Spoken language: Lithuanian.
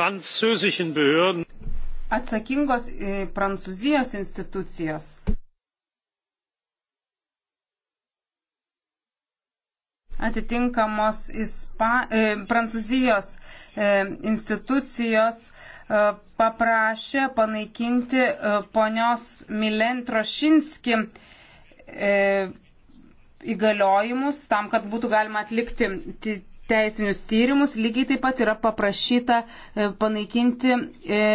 französischen Behörden. Atsakingos e, Prancūzijos institucijos. Atitinkamos ispa, e, Prancūzijos e, institucijos e, paprašė panaikinti e, ponios Milen Trošinski e, įgaliojimus tam, kad būtų galima atlikti teisinius tyrimus. Lygiai taip pat yra paprašyta e, panaikinti e,